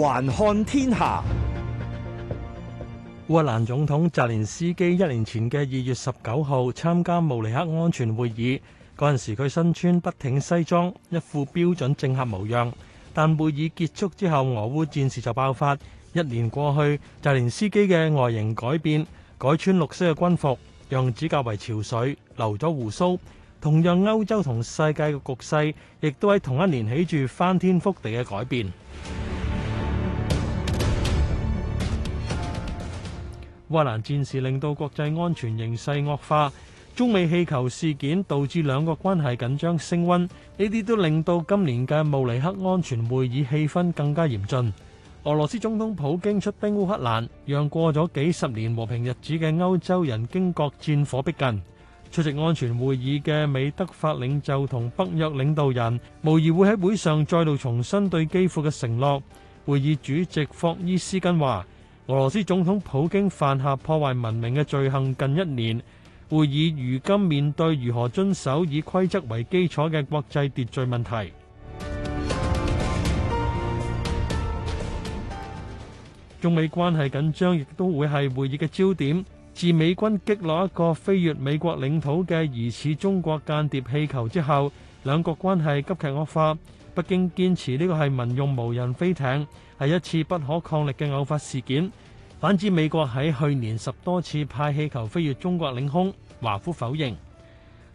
環看天下，烏克蘭總統澤連斯基一年前嘅二月十九號參加慕尼黑安全會議，嗰陣時佢身穿筆挺西裝，一副標準政客模樣。但會議結束之後，俄烏戰事就爆發。一年過去，澤連斯基嘅外形改變，改穿綠色嘅軍服，樣子較為潮水，留咗鬍鬚。同樣，歐洲同世界嘅局勢亦都喺同一年起住翻天覆地嘅改變。烏克蘭戰事令到國際安全形勢惡化，中美氣球事件導致兩國關係緊張升溫，呢啲都令到今年嘅慕尼黑安全會議氣氛更加嚴峻。俄羅斯總統普京出兵烏克蘭，讓過咗幾十年和平日子嘅歐洲人驚覺戰火逼近。出席安全會議嘅美德法領袖同北約領導人，無疑會喺會上再度重申對基輔嘅承諾。會議主席霍伊斯根話。俄羅斯總統普京犯下破壞文明嘅罪行，近一年會議如今面對如何遵守以規則為基礎嘅國際秩序問題。中美關係緊張亦都會係會議嘅焦點。自美軍擊落一個飛越美國領土嘅疑似中國間諜氣球之後，兩國關係急劇惡化。北京堅持呢個係民用無人飛艇，係一次不可抗力嘅偶發事件。反之，美國喺去年十多次派氣球飛越中國領空，華夫否認。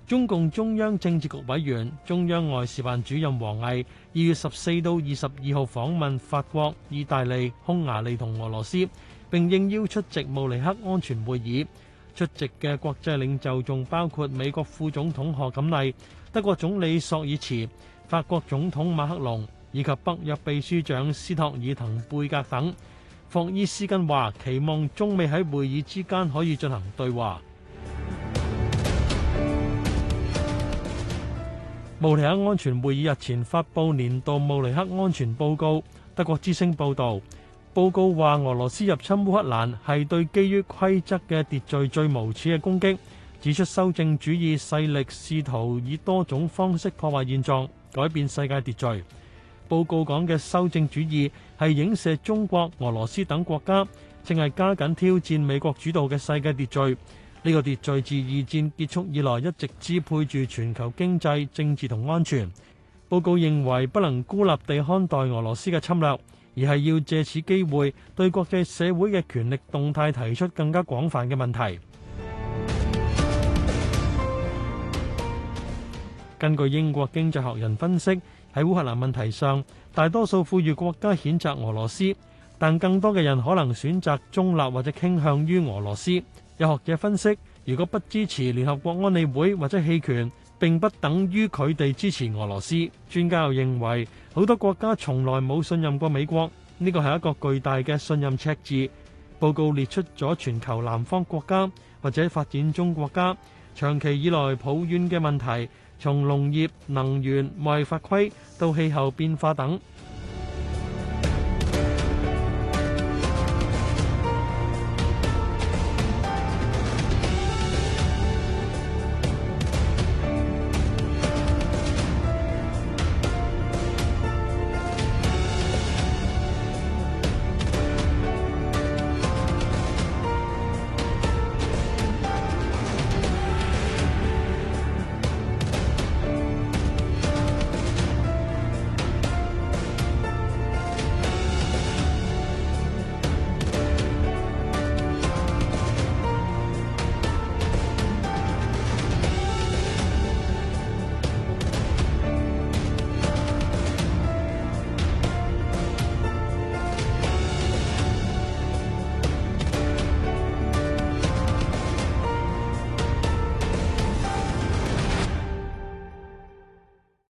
中共中央政治局委員、中央外事辦主任王毅二月十四到二十二號訪問法國、意大利、匈牙利同俄羅斯，並應邀出席慕尼黑安全會議。出席嘅國際領袖仲包括美國副總統賀錦麗、德國總理朔爾茨、法國總統馬克龍以及北約秘書長斯托爾滕貝格等。霍伊斯根話：期望中美喺會議之間可以進行對話。慕 尼黑安全會議日前發布年度慕尼黑安全報告。德國之聲報導。報告話俄羅斯入侵烏克蘭係對基於規則嘅秩序最無恥嘅攻擊，指出修正主義勢力試圖以多種方式破壞現狀，改變世界秩序。報告講嘅修正主義係影射中國、俄羅斯等國家正係加緊挑戰美國主導嘅世界秩序。呢、這個秩序自二戰結束以來一直支配住全球經濟、政治同安全。報告認為不能孤立地看待俄羅斯嘅侵略。而係要借此機會對國際社會嘅權力動態提出更加廣泛嘅問題。 根據英國經濟學人分析，喺烏克蘭問題上，大多數富裕國家譴責俄羅斯，但更多嘅人可能選擇中立或者傾向於俄羅斯。有學者分析，如果不支持聯合國安理會或者棄權。並不等於佢哋支持俄羅斯。專家又認為，好多國家從來冇信任過美國，呢個係一個巨大嘅信任赤字。報告列出咗全球南方國家或者發展中國家長期以來抱怨嘅問題，從農業、能源、貿易法規到氣候變化等。